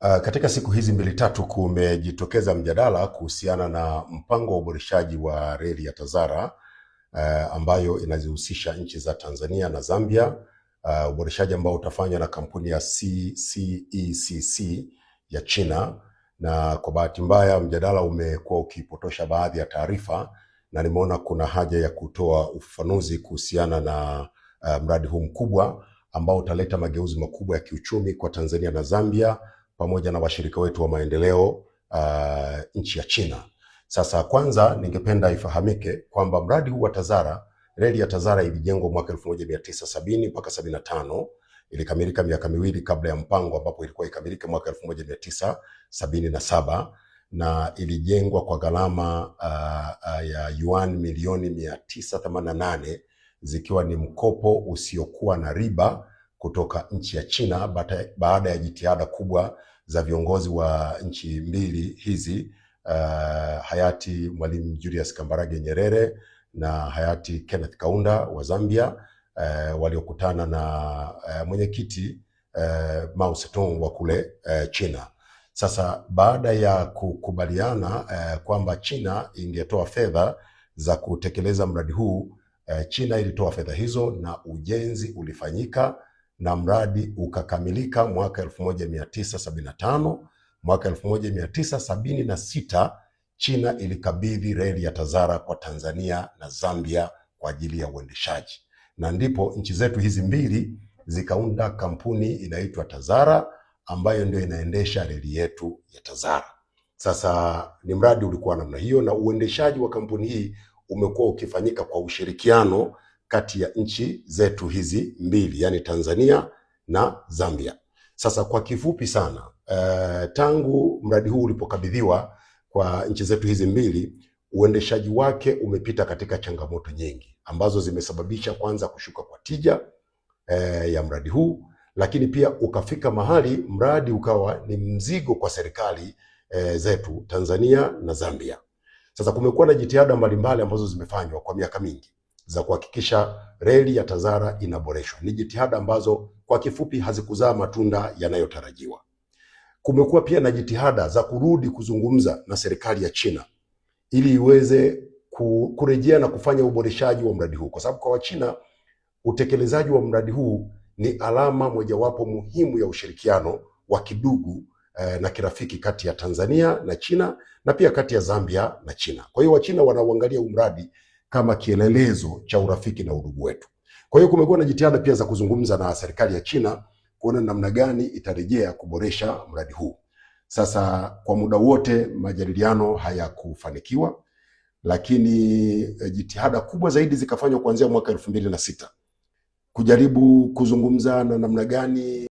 Uh, katika siku hizi mbili tatu kumejitokeza mjadala kuhusiana na mpango wa uboreshaji wa reli ya TAZARA uh, ambayo inazihusisha nchi za Tanzania na Zambia uh, uboreshaji ambao utafanywa na kampuni ya CCECC e ya China, na kwa bahati mbaya mjadala umekuwa ukipotosha baadhi ya taarifa na nimeona kuna haja ya kutoa ufafanuzi kuhusiana na uh, mradi huu mkubwa ambao utaleta mageuzi makubwa ya kiuchumi kwa Tanzania na Zambia pamoja na washirika wetu wa maendeleo uh, nchi ya China. Sasa kwanza, ningependa ifahamike kwamba mradi huu wa Tazara, reli ya Tazara ilijengwa mwaka 1970 mpaka 75 ilikamilika miaka miwili kabla ya mpango ambapo ilikuwa ikamilike mwaka 1977 na ilijengwa kwa gharama uh, uh, ya yuan milioni 988 zikiwa ni mkopo usiokuwa na riba kutoka nchi ya China baada ya jitihada kubwa za viongozi wa nchi mbili hizi uh, hayati Mwalimu Julius Kambarage Nyerere na hayati Kenneth Kaunda wa Zambia uh, waliokutana na uh, mwenyekiti uh, Mao Zedong wa kule uh, China. Sasa baada ya kukubaliana uh, kwamba China ingetoa fedha za kutekeleza mradi huu uh, China ilitoa fedha hizo na ujenzi ulifanyika na mradi ukakamilika mwaka 1975. Mwaka 1976 China ilikabidhi reli ya Tazara kwa Tanzania na Zambia kwa ajili ya uendeshaji, na ndipo nchi zetu hizi mbili zikaunda kampuni inaitwa Tazara ambayo ndio inaendesha reli yetu ya Tazara. Sasa ni mradi ulikuwa namna hiyo, na uendeshaji wa kampuni hii umekuwa ukifanyika kwa ushirikiano kati ya nchi zetu hizi mbili, yani Tanzania na Zambia. Sasa kwa kifupi sana uh, tangu mradi huu ulipokabidhiwa kwa nchi zetu hizi mbili, uendeshaji wake umepita katika changamoto nyingi ambazo zimesababisha kwanza kushuka kwa tija uh, ya mradi huu, lakini pia ukafika mahali mradi ukawa ni mzigo kwa serikali uh, zetu Tanzania na Zambia. Sasa kumekuwa na jitihada mbalimbali ambazo zimefanywa kwa miaka mingi za kuhakikisha reli ya TAZARA inaboreshwa. Ni jitihada ambazo kwa kifupi hazikuzaa matunda yanayotarajiwa. Kumekuwa pia na jitihada za kurudi kuzungumza na serikali ya China ili iweze kurejea na kufanya uboreshaji wa mradi huu, kwa sababu kwa Wachina utekelezaji wa mradi huu ni alama mojawapo muhimu ya ushirikiano wa kidugu eh, na kirafiki kati ya Tanzania na China na pia kati ya Zambia na China. Kwa hiyo Wachina wanauangalia huu mradi kama kielelezo cha urafiki na udugu wetu. Kwa hiyo kumekuwa na jitihada pia za kuzungumza na serikali ya China kuona namna gani itarejea kuboresha mradi huu. Sasa kwa muda wote majadiliano hayakufanikiwa, lakini e, jitihada kubwa zaidi zikafanywa kuanzia mwaka elfu mbili na sita kujaribu kuzungumza na namna gani